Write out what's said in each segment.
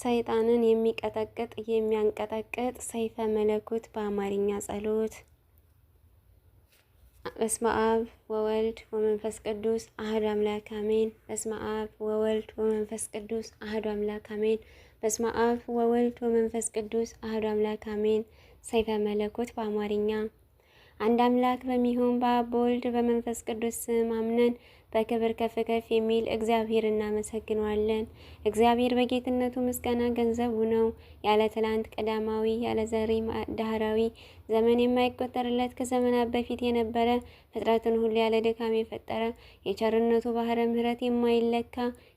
ሰይጣንን የሚቀጠቅጥ የሚያንቀጠቅጥ ሰይፈ መለኮት በአማርኛ ጸሎት። በስመ አብ ወወልድ ወመንፈስ ቅዱስ አህዱ አምላክ አሜን። በስመ አብ ወወልድ ወመንፈስ ቅዱስ አህዱ አምላክ አሜን። በስመ አብ ወወልድ ወመንፈስ ቅዱስ አህዱ አምላክ አሜን። ሰይፈ መለኮት በአማርኛ አንድ አምላክ በሚሆን በአብ በወልድ በመንፈስ ቅዱስ ስም አምነን በክብር ከፍ ከፍ የሚል እግዚአብሔር እናመሰግነዋለን። እግዚአብሔር በጌትነቱ ምስጋና ገንዘቡ ነው። ያለ ትላንት ቀዳማዊ፣ ያለ ዘሪ ዳህራዊ፣ ዘመን የማይቆጠርለት ከዘመናት በፊት የነበረ ፍጥረትን ሁሉ ያለ ድካም የፈጠረ የቸርነቱ ባህረ ምሕረት የማይለካ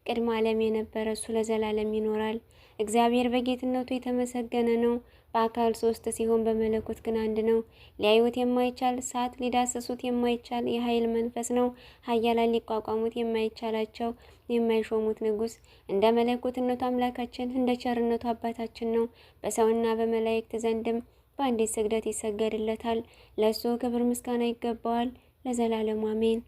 ቅድመ ዓለም የነበረ እሱ ለዘላለም ይኖራል። እግዚአብሔር በጌትነቱ የተመሰገነ ነው። በአካል ሶስት ሲሆን በመለኮት ግን አንድ ነው። ሊያዩት የማይቻል እሳት፣ ሊዳሰሱት የማይቻል የኃይል መንፈስ ነው። ኃያላን ሊቋቋሙት የማይቻላቸው የማይሾሙት ንጉስ እንደ መለኮትነቱ አምላካችን እንደ ቸርነቱ አባታችን ነው። በሰውና በመላእክት ዘንድም በአንዲት ስግደት ይሰገድለታል። ለእሱ ክብር ምስጋና ይገባዋል ለዘላለሙ አሜን።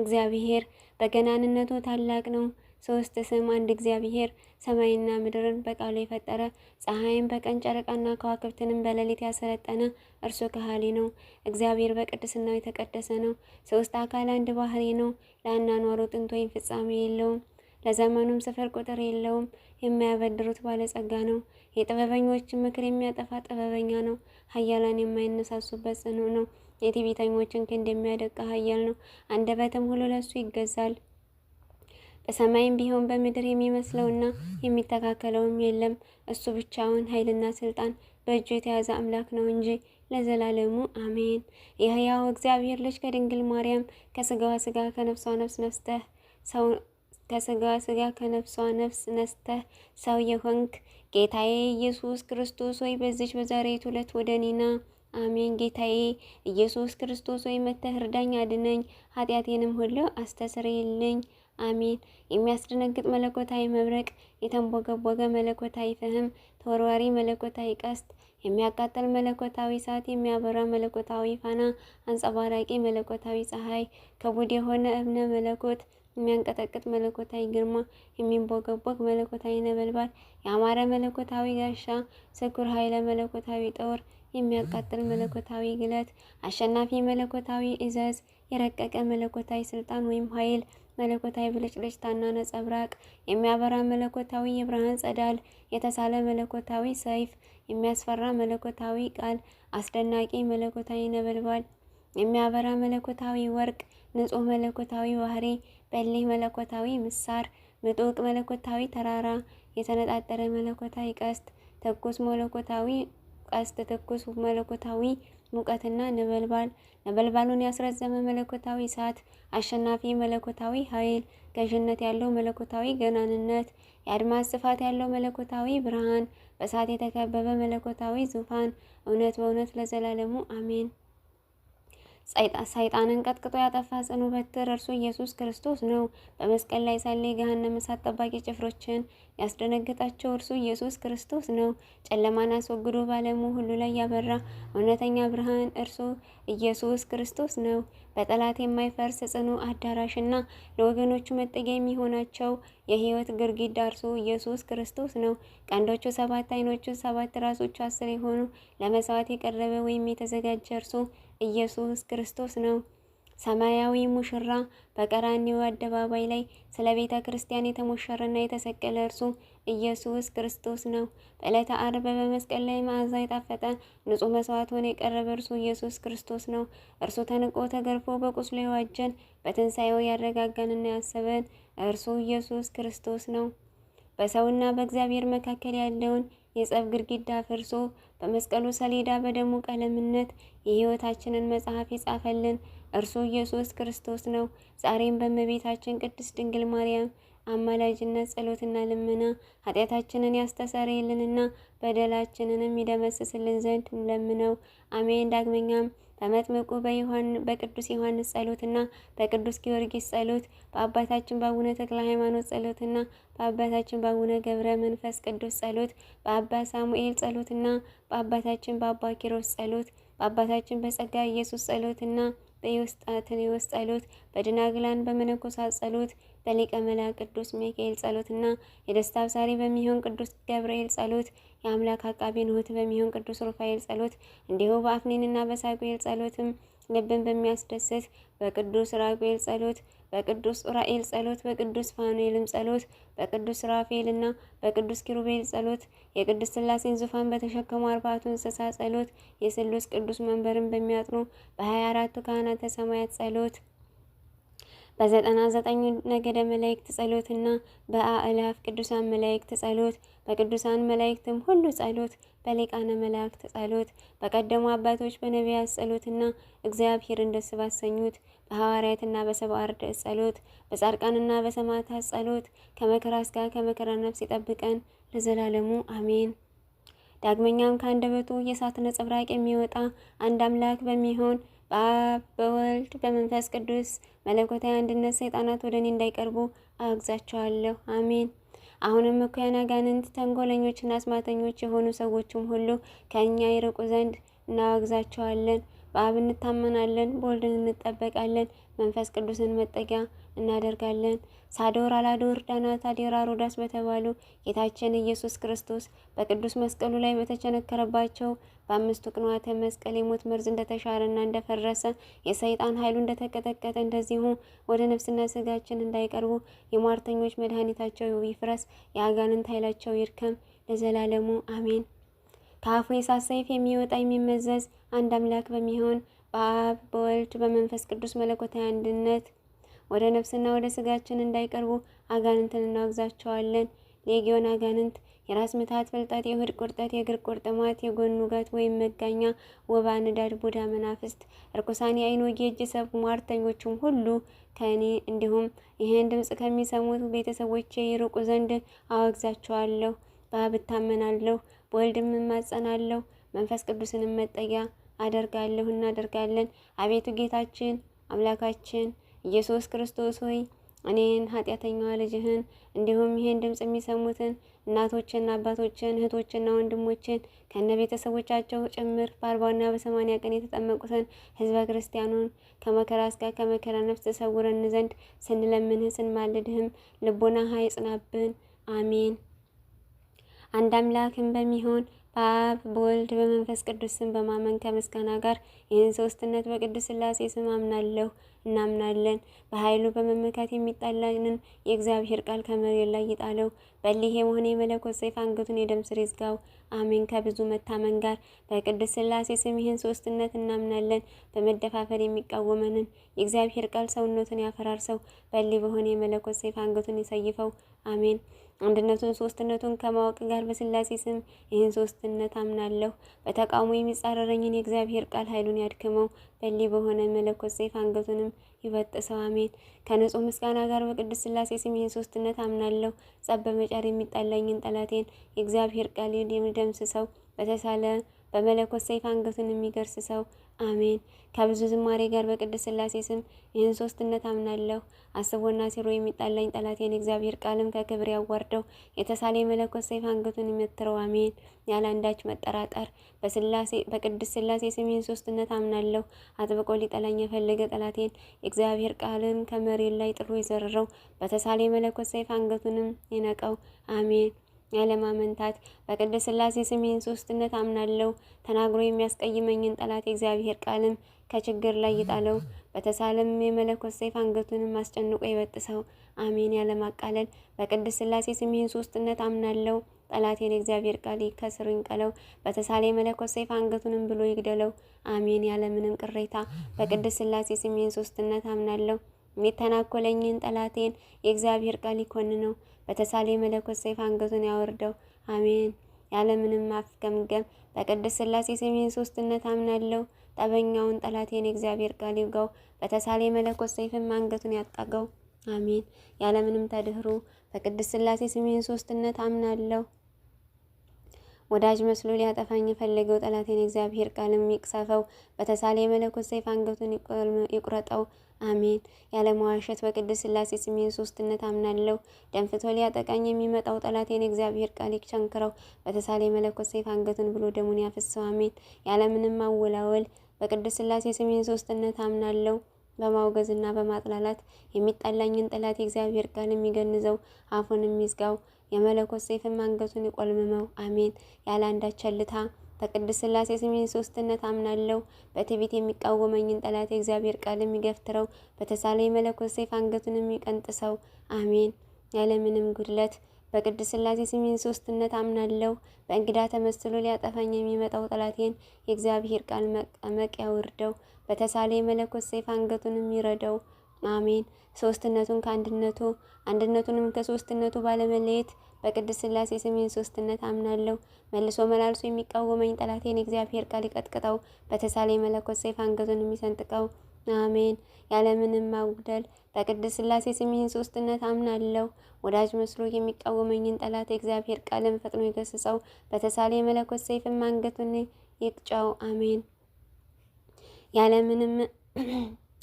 እግዚአብሔር በገናንነቱ ታላቅ ነው። ሶስት ስም አንድ እግዚአብሔር ሰማይና ምድርን በቃሉ የፈጠረ ፀሐይን በቀን ጨረቃና ከዋክብትንም በሌሊት ያሰለጠነ እርሱ ከሃሊ ነው። እግዚአብሔር በቅድስናው የተቀደሰ ነው። ሶስት አካል አንድ ባህሪ ነው። ለአናኗሩ ጥንት ወይም ፍጻሜ የለውም። ለዘመኑም ስፍር ቁጥር የለውም። የማያበድሩት ባለጸጋ ነው። የጥበበኞችን ምክር የሚያጠፋ ጥበበኛ ነው። ሀያላን የማይነሳሱበት ጽኑ ነው። የትዕቢተኞችን ክንድ የሚያደቃ ሀያል ነው። አንደበትም ሁሉ ለሱ ይገዛል። በሰማይም ቢሆን በምድር የሚመስለውና የሚተካከለውም የለም። እሱ ብቻውን ኃይልና ስልጣን በእጁ የተያዘ አምላክ ነው እንጂ ለዘላለሙ አሜን። የሕያው እግዚአብሔር ልጅ ከድንግል ማርያም ከስጋዋ ስጋ ከነፍሷ ነፍስ ነስተህ ሰው ከስጋዋ ስጋ ከነፍሷ ነፍስ ነስተህ ሰው የሆንክ ጌታዬ ኢየሱስ ክርስቶስ ሆይ በዚች በዛሬቱ ዕለት ወደ እኔና አሜን። ጌታዬ ኢየሱስ ክርስቶስ ሆይ መጥተህ እርዳኝ፣ አድነኝ፣ ኃጢአቴንም ሁሉ አስተስርይልኝ። አሜን። የሚያስደነግጥ መለኮታዊ መብረቅ፣ የተንቦገቦገ መለኮታዊ ፍህም፣ ተወርዋሪ መለኮታዊ ቀስት፣ የሚያቃጠል መለኮታዊ እሳት፣ የሚያበራ መለኮታዊ ፋና፣ አንጸባራቂ መለኮታዊ ፀሐይ፣ ከቡድ የሆነ እብነ መለኮት የሚያንቀጠቅጥ መለኮታዊ ግርማ፣ የሚንቦገቦግ መለኮታዊ ነበልባል፣ ያማረ መለኮታዊ ጋሻ፣ ስኩር ኃይለ መለኮታዊ ጦር የሚያቃጥል መለኮታዊ ግለት፣ አሸናፊ መለኮታዊ እዘዝ፣ የረቀቀ መለኮታዊ ስልጣን ወይም ኃይል፣ መለኮታዊ ብልጭልጭታና ነጸብራቅ፣ የሚያበራ መለኮታዊ የብርሃን ጸዳል፣ የተሳለ መለኮታዊ ሰይፍ፣ የሚያስፈራ መለኮታዊ ቃል፣ አስደናቂ መለኮታዊ ነበልባል፣ የሚያበራ መለኮታዊ ወርቅ፣ ንጹህ መለኮታዊ ባህሪ፣ በሌህ መለኮታዊ ምሳር፣ ምጡቅ መለኮታዊ ተራራ፣ የተነጣጠረ መለኮታዊ ቀስት፣ ትኩስ መለኮታዊ አስተተኮሱ መለኮታዊ ሙቀትና ነበልባል ነበልባሉን ያስረዘመ መለኮታዊ እሳት አሸናፊ መለኮታዊ ኃይል ገዥነት ያለው መለኮታዊ ገናንነት የአድማስ ስፋት ያለው መለኮታዊ ብርሃን በእሳት የተከበበ መለኮታዊ ዙፋን እውነት በእውነት ለዘላለሙ አሜን። ሰይጣንን ቀጥቅጦ ያጠፋ ጽኑ በትር እርሱ ኢየሱስ ክርስቶስ ነው። በመስቀል ላይ ሳለ የገሃነመ እሳት ጠባቂ ጭፍሮችን ያስደነግጣቸው እርሱ ኢየሱስ ክርስቶስ ነው። ጨለማን አስወግዶ ባለሙ ሁሉ ላይ ያበራ እውነተኛ ብርሃን እርሱ ኢየሱስ ክርስቶስ ነው። በጠላት የማይፈርስ ጽኑ አዳራሽና ለወገኖቹ መጠጊያ የሚሆናቸው የህይወት ግድግዳ እርሱ ኢየሱስ ክርስቶስ ነው። ቀንዶቹ ሰባት፣ አይኖቹ ሰባት፣ ራሶቹ አስር የሆኑ ለመስዋዕት የቀረበ ወይም የተዘጋጀ እርሱ ኢየሱስ ክርስቶስ ነው። ሰማያዊ ሙሽራ በቀራኒው አደባባይ ላይ ስለ ቤተ ክርስቲያን የተሞሸረና የተሰቀለ እርሱ ኢየሱስ ክርስቶስ ነው። በዕለተ አርበ በመስቀል ላይ መዓዛ የጣፈጠ ንጹሕ መስዋዕት ሆኖ የቀረበ እርሱ ኢየሱስ ክርስቶስ ነው። እርሱ ተንቆ ተገርፎ በቁስሉ የዋጀን በትንሣኤው ያረጋጋንና ያሰበን እርሱ ኢየሱስ ክርስቶስ ነው። በሰውና በእግዚአብሔር መካከል ያለውን የጸብ ግድግዳ ፈርሶ በመስቀሉ ሰሌዳ በደሙ ቀለምነት የሕይወታችንን መጽሐፍ ይጻፈልን እርሱ ኢየሱስ ክርስቶስ ነው። ዛሬም በእመቤታችን ቅድስት ድንግል ማርያም አማላጅነት ጸሎትና ልመና ኃጢአታችንን ያስተሰርይልንና በደላችንንም ይደመስስልን ዘንድ እንለምነው። አሜን። ዳግመኛም በመጥምቁ በቅዱስ ዮሐንስ ጸሎትና በቅዱስ ጊዮርጊስ ጸሎት በአባታችን በአቡነ ተክለ ሃይማኖት ጸሎትና በአባታችን በአቡነ ገብረ መንፈስ ቅዱስ ጸሎት በአባ ሳሙኤል ጸሎትና በአባታችን በአባ ኪሮስ ጸሎት በአባታችን በጸጋ ኢየሱስ ጸሎትና በዮስጣቴዎስ ጸሎት በድናግላን በመነኮሳት ጸሎት በሊቀ መላ ቅዱስ ሚካኤል ጸሎትና የደስታ አብሳሪ በሚሆን ቅዱስ ገብርኤል ጸሎት የአምላክ አቃቤ ንሁት በሚሆን ቅዱስ ሩፋኤል ጸሎት እንዲሁ በአፍኒንና በሳጉኤል ጸሎትም ልብን በሚያስደስት በቅዱስ ራጉኤል ጸሎት በቅዱስ ኡራኤል ጸሎት በቅዱስ ፋኑኤልም ጸሎት በቅዱስ ራፌልና በቅዱስ ኪሩቤል ጸሎት የቅዱስ ስላሴን ዙፋን በተሸከሙ አርባቱ እንስሳ ጸሎት የስሉስ ቅዱስ መንበርን በሚያጥኑ በሀያ አራቱ ካህናተ ሰማያት ጸሎት በዘጠና ዘጠኙ ነገደ መላእክት ጸሎትና በአእላፍ ቅዱሳን መላእክት ጸሎት በቅዱሳን መላእክትም ሁሉ ጸሎት በሊቃነ መላእክት ጸሎት በቀደሙ አባቶች በነቢያት ጸሎትና እግዚአብሔርን ደስ ባሰኙት በሐዋርያትና በሰብአ አርድእት ጸሎት በጻድቃንና በሰማዕታት ጸሎት ከመከራ ሥጋ ከመከራ ነፍስ ይጠብቀን ለዘላለሙ አሜን። ዳግመኛም ከአንደበቱ የእሳት ነጸብራቅ የሚወጣ አንድ አምላክ በሚሆን በአብ በወልድ በመንፈስ ቅዱስ መለኮታዊ አንድነት ሰይጣናት ወደ እኔ እንዳይቀርቡ አግዛቸዋለሁ። አሜን። አሁንም እኩያን አጋንንት፣ ተንኮለኞችና አስማተኞች የሆኑ ሰዎችም ሁሉ ከእኛ ይርቁ ዘንድ እናወግዛቸዋለን። በአብ እንታመናለን፣ በወልድን እንጠበቃለን፣ መንፈስ ቅዱስን መጠጊያ እናደርጋለን። ሳዶር፣ አላዶር፣ ዳናታ ዴራ ሮዳስ በተባሉ ጌታችን ኢየሱስ ክርስቶስ በቅዱስ መስቀሉ ላይ በተቸነከረባቸው በአምስቱ ቅንዋተ መስቀል የሞት መርዝ እንደተሻረና እንደፈረሰ የሰይጣን ኃይሉ እንደተቀጠቀጠ እንደዚሁ ወደ ነፍስና ስጋችን እንዳይቀርቡ የሟርተኞች መድኃኒታቸው ይፍረስ፣ የአጋንንት ኃይላቸው ይርከም ለዘላለሙ አሜን። ከአፉ የእሳት ሰይፍ የሚወጣ የሚመዘዝ አንድ አምላክ በሚሆን በአብ በወልድ በመንፈስ ቅዱስ መለኮታዊ አንድነት ወደ ነፍስና ወደ ስጋችን እንዳይቀርቡ አጋንንትን እናወግዛቸዋለን። ሌጊዮን አጋንንት የራስ ምታት፣ የሆድ ቁርጠት፣ የእግር ቁርጥማት፣ የጎን ውጋት ወይም መጋኛ፣ ወባ፣ ንዳድ፣ ቡዳ፣ መናፍስት፣ እርኩሳን፣ የአይን ወጌ፣ የእጅ ሰብ፣ ሟርተኞቹም ሁሉ ከእኔ እንዲሁም ይህን ድምፅ ከሚሰሙት ቤተሰቦቼ ይርቁ ዘንድ አወግዛቸዋለሁ። በአብ እታመናለሁ፣ በወልድም እማጸናለሁ፣ መንፈስ ቅዱስንም መጠጊያ አደርጋለሁ እናደርጋለን። አቤቱ ጌታችን አምላካችን ኢየሱስ ክርስቶስ ሆይ እኔን ኃጢአተኛዋ ልጅህን እንዲሁም ይሄን ድምፅ የሚሰሙትን እናቶችን፣ አባቶችን እህቶችና ወንድሞችን ከነ ቤተሰቦቻቸው ጭምር በአርባና በሰማኒያ ቀን የተጠመቁትን ህዝበ ክርስቲያኑን ከመከራ ስጋ ከመከራ ነፍስ ተሰውረን ዘንድ ስንለምንህ ስንማልድህም ልቦና ሀይጽናብን አሜን። አንድ አምላክን በሚሆን በአብ በወልድ በመንፈስ ቅዱስ ስም በማመን ከምስጋና ጋር ይህን ሶስትነት በቅዱስ ስላሴ ስም አምናለሁ። እናምናለን። በኃይሉ በመመካት የሚጣላንን የእግዚአብሔር ቃል ከመሬት ላይ ይጣለው። በሊሄ መሆን የመለኮት ሰይፍ አንገቱን የደም ስር ይዝጋው። አሜን። ከብዙ መታመን ጋር በቅድስት ስላሴ ስም ይህን ሶስትነት እናምናለን። በመደፋፈር የሚቃወመንን የእግዚአብሔር ቃል ሰውነቱን ያፈራርሰው፣ በሊ በሆነ የመለኮት ሰይፍ አንገቱን ይሰይፈው። አሜን። አንድነቱን ሶስትነቱን ከማወቅ ጋር በስላሴ ስም ይህን ሶስትነት አምናለሁ። በተቃውሞ የሚጻረረኝን የእግዚአብሔር ቃል ኃይሉን ያድክመው፣ በሊ በሆነ መለኮት ሰይፍ አንገቱንም ይበጥሰው አሜን። ከንጹህ ምስጋና ጋር በቅድስት ሥላሴ ስም ይህን ሶስትነት አምናለሁ። ጸብ በመጫር የሚጣላኝን ጠላቴን የእግዚአብሔር ቃል ሰው በተሳለ በመለኮት ሰይፍ አንገቱን የሚገርስ ሰው አሜን። ከብዙ ዝማሬ ጋር በቅድስት ስላሴ ስም ይህን ሶስትነት አምናለሁ። አስቦና ሲሮ የሚጣላኝ ጠላቴን እግዚአብሔር ቃልም ከክብር ያዋርደው። የተሳለ የመለኮት ሰይፍ አንገቱን የሚመትረው አሜን። ያለ አንዳች መጠራጠር በስላሴ በቅድስት ስላሴ ስም ይህን ሶስትነት አምናለሁ። አጥብቆ ሊጠላኝ የፈለገ ጠላቴን እግዚአብሔር ቃልም ከመሬት ላይ ጥሩ የዘረረው በተሳለ የመለኮት ሰይፍ አንገቱንም ይነቀው። አሜን። ያለማመንታት በቅድስት ሥላሴ ስሜን ሶስትነት አምናለሁ። ተናግሮ የሚያስቀይመኝን ጠላት የእግዚአብሔር ቃልም ከችግር ላይ ይጣለው። በተሳለም የመለኮት ሰይፍ አንገቱንም አስጨንቆ ይበጥሰው። አሜን። ያለማቃለል በቅድስት ሥላሴ ስሜን ሶስትነት አምናለሁ። ጠላቴን የእግዚአብሔር ቃል ከስሩ ይንቀለው። በተሳለ የመለኮት ሰይፍ አንገቱንም ብሎ ይግደለው። አሜን። ያለምንም ቅሬታ በቅድስት ሥላሴ ስሜን ሶስትነት አምናለሁ። የሚተናኮለኝን ጠላቴን የእግዚአብሔር ቃል ይኮን ነው። በተሳለ የመለኮት ሰይፍ አንገቱን ያወርደው። አሜን። ያለምንም ማፍገምገም በቅድስት ስላሴ ሰሜን ሶስትነት አምናለሁ። ጠበኛውን ጠላቴን የእግዚአብሔር ቃል ይውጋው። በተሳለ የመለኮት ሰይፍም አንገቱን ያጣገው። አሜን። ያለምንም ተድህሩ በቅድስት ስላሴ ሰሜን ሶስትነት አምናለሁ። ወዳጅ መስሎ ሊያጠፋኝ የፈለገው ጠላቴን እግዚአብሔር ቃልም ይቅሰፈው፣ በተሳለ የመለኮት ሰይፍ አንገቱን ይቁረጠው። አሜን። መዋሸት በቅድስት ስላሴ ስም ሶስትነት አምናለሁ። ደንፍቶ ሊያጠቃኝ የሚመጣው ጠላቴን እግዚአብሔር ቃል ይቸንክረው፣ በተሳለ የመለኮት ሰይፍ አንገቱን ብሎ ደሙን ያፈሰው። አሜን። ያለምንም አወላወል በቅድስት ስላሴ ስም ሶስትነት አምናለሁ። በማውገዝና በማጥላላት የሚጣላኝን ጠላት እግዚአብሔር ቃል የሚገንዘው አፉን የሚዝጋው የመለኮት ሰይፍም አንገቱን ይቆልምመው። አሜን። ያለ አንዳች ቸልታ በቅድስት ስላሴ ስሜን ሶስትነት አምናለሁ። በትዕቢት የሚቃወመኝን ጠላት የእግዚአብሔር ቃል የሚገፍትረው በተሳለ የመለኮት ሰይፍ አንገቱን የሚቀንጥሰው። አሜን። ያለምንም ጉድለት በቅድስት ስላሴ ስሜን ሶስትነት አምናለሁ። በእንግዳ ተመስሎ ሊያጠፋኝ የሚመጣው ጠላቴን የእግዚአብሔር ቃል መቀመቅ ያውርደው። በተሳለ የመለኮት ሰይፍ አንገቱን የሚረዳው። አሜን። ሶስትነቱን ከአንድነቱ አንድነቱንም ከሶስትነቱ ባለመለየት በቅድስት ስላሴ ስሜን ሶስትነት አምናለሁ። መልሶ መላልሶ የሚቃወመኝ ጠላቴን እግዚአብሔር ቃል ይቀጥቅጠው፣ በተሳለ መለኮት ሰይፍ አንገቱን የሚሰንጥቀው። አሜን። ያለምንም ማጉደል በቅድስት ስላሴ ስሜን ሶስትነት አምናለሁ። ወዳጅ መስሎ የሚቃወመኝን ጠላት እግዚአብሔር ቃልም ፈጥኖ ይገስጸው፣ በተሳለ መለኮት ሰይፍም አንገቱን ይቅጫው። አሜን። ያለምንም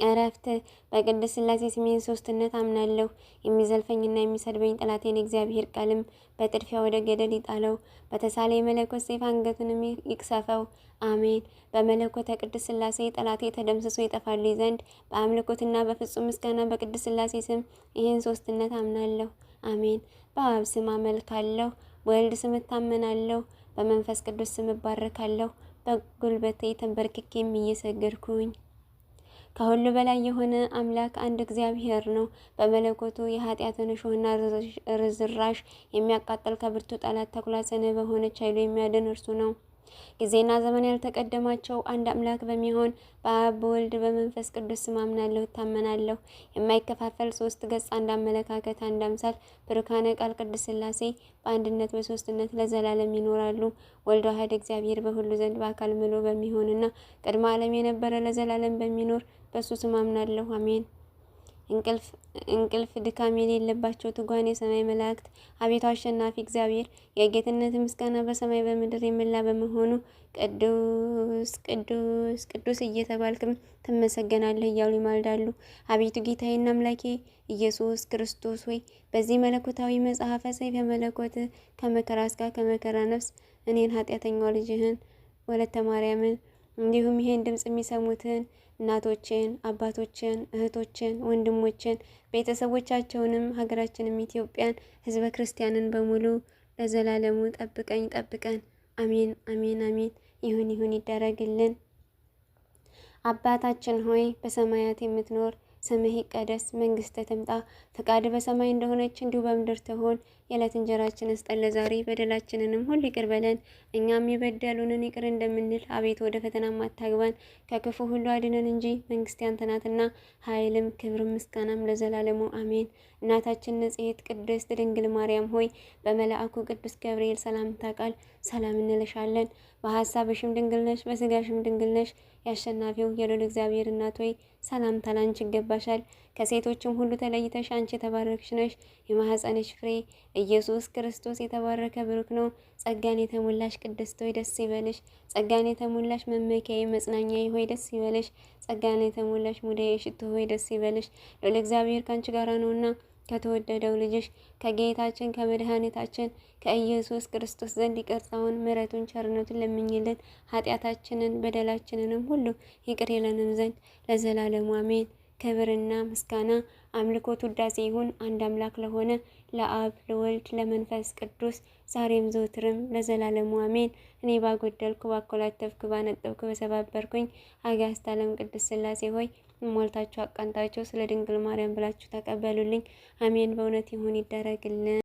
እረፍት በቅድስት ስላሴ ስሜን ሶስትነት አምናለሁ። የሚዘልፈኝና የሚሰድበኝ ጠላቴን እግዚአብሔር ቀልም በጥድፊያ ወደ ገደል ይጣለው፣ በተሳለ የመለኮት ሰይፍ አንገቱንም ይቅሰፈው። አሜን። በመለኮተ ቅድስት ስላሴ ጠላቴ ተደምስሶ ይጠፋሉ ዘንድ በአምልኮትና በፍጹም ምስጋና በቅድስት ስላሴ ስም ይህን ሶስትነት አምናለሁ። አሜን። በአብ ስም አመልካለሁ፣ በወልድ ስም እታመናለሁ፣ በመንፈስ ቅዱስ ስም እባረካለሁ፣ በጉልበቴ ተንበርክኬም እየሰገድኩኝ ከሁሉ በላይ የሆነ አምላክ አንድ እግዚአብሔር ነው። በመለኮቱ የኃጢአትን እሾህና ርዝራሽ የሚያቃጥል ከብርቱ ጠላት ተኩላ ጽንዕ በሆነች ኃይሉ የሚያድን እርሱ ነው። ጊዜና ዘመን ያልተቀደማቸው አንድ አምላክ በሚሆን በአብ በወልድ በመንፈስ ቅዱስ ስም አምናለሁ እታመናለሁ። የማይከፋፈል ሶስት ገጽ፣ አንድ አመለካከት፣ አንድ አምሳል ብሩካነ ቃል ቅዱስ ሥላሴ በአንድነት በሶስትነት ለዘላለም ይኖራሉ። ወልድ ዋሕድ እግዚአብሔር በሁሉ ዘንድ በአካል ምሎ በሚሆንና ቅድመ ዓለም የነበረ ለዘላለም በሚኖር በእሱ ስም አምናለሁ። አሜን። እንቅልፍ ድካም የሌለባቸው ትጓን የሰማይ መላእክት፣ አቤቱ አሸናፊ እግዚአብሔር የጌትነት ምስጋና በሰማይ በምድር የመላ በመሆኑ ቅዱስ ቅዱስ ቅዱስ እየተባልክም ትመሰገናለህ እያሉ ይማልዳሉ። አቤቱ ጌታዬና አምላኬ ኢየሱስ ክርስቶስ ሆይ በዚህ መለኮታዊ መጽሐፈ ሰይፈ መለኮት ከመከራ ስጋ ከመከራ ነፍስ እኔን ኃጢአተኛው ልጅህን ወለተ ማርያምን እንዲሁም ይሄን ድምፅ የሚሰሙትን እናቶችን፣ አባቶችን፣ እህቶችን፣ ወንድሞችን፣ ቤተሰቦቻቸውንም ሀገራችንም ኢትዮጵያን፣ ህዝበ ክርስቲያንን በሙሉ ለዘላለሙ ጠብቀኝ ጠብቀን። አሜን አሜን አሜን። ይሁን ይሁን ይደረግልን። አባታችን ሆይ በሰማያት የምትኖር ስምህ ይቀደስ፣ መንግሥትህ ትምጣ፣ ፈቃድ በሰማይ እንደሆነች እንዲሁ በምድር ትሆን የዕለት እንጀራችን ስጠን ለዛሬ፣ በደላችንንም ሁሉ ይቅር በለን እኛም የበደሉንን ይቅር እንደምንል፣ አቤት ወደ ፈተና አታግባን፣ ከክፉ ሁሉ አድነን እንጂ መንግስት ያንተ ናትና፣ ኃይልም ክብርም ምስጋናም ለዘላለሙ አሜን። እናታችን ንጽሕት ቅድስት ድንግል ማርያም ሆይ በመልአኩ ቅዱስ ገብርኤል ሰላምታ ቃል ሰላም እንልሻለን። በሐሳብሽም ድንግል ነሽ፣ በስጋሽም ድንግል ነሽ። ያሸናፊው የልዑል እግዚአብሔር እናት ሆይ ሰላምታ ላንቺ ይገባሻል። ከሴቶችም ሁሉ ተለይተሽ አንቺ የተባረክሽ ነሽ። የማኅፀንሽ ፍሬ ኢየሱስ ክርስቶስ የተባረከ ብሩክ ነው። ጸጋን የተሞላሽ ቅድስት ሆይ ደስ ይበልሽ። ጸጋን የተሞላሽ መመኪያዬ መጽናኛዬ ሆይ ደስ ይበልሽ። ጸጋን የተሞላሽ ሙዳዬ ሽቱ ሆይ ደስ ይበልሽ። ልዑል እግዚአብሔር ከአንቺ ጋራ ነውና ከተወደደው ልጅሽ ከጌታችን ከመድኃኒታችን ከኢየሱስ ክርስቶስ ዘንድ ይቅርታውን፣ ምሕረቱን፣ ቸርነቱን ለምኝልን ኃጢአታችንን በደላችንንም ሁሉ ይቅር ይለንም ዘንድ ለዘላለሙ አሜን። ክብርና ምስጋና አምልኮት፣ ውዳሴ ይሁን አንድ አምላክ ለሆነ ለአብ ለወልድ ለመንፈስ ቅዱስ ዛሬም ዘውትርም ለዘላለሙ አሜን። እኔ ባጎደልኩ ባኮላተፍኩ ባነጠብኩ በሰባበርኩኝ አጋዕዝተ ዓለም ቅድስት ሥላሴ ሆይ ሞልታችሁ አቃንታችሁ ስለ ድንግል ማርያም ብላችሁ ተቀበሉልኝ። አሜን። በእውነት ይሁን ይደረግልን።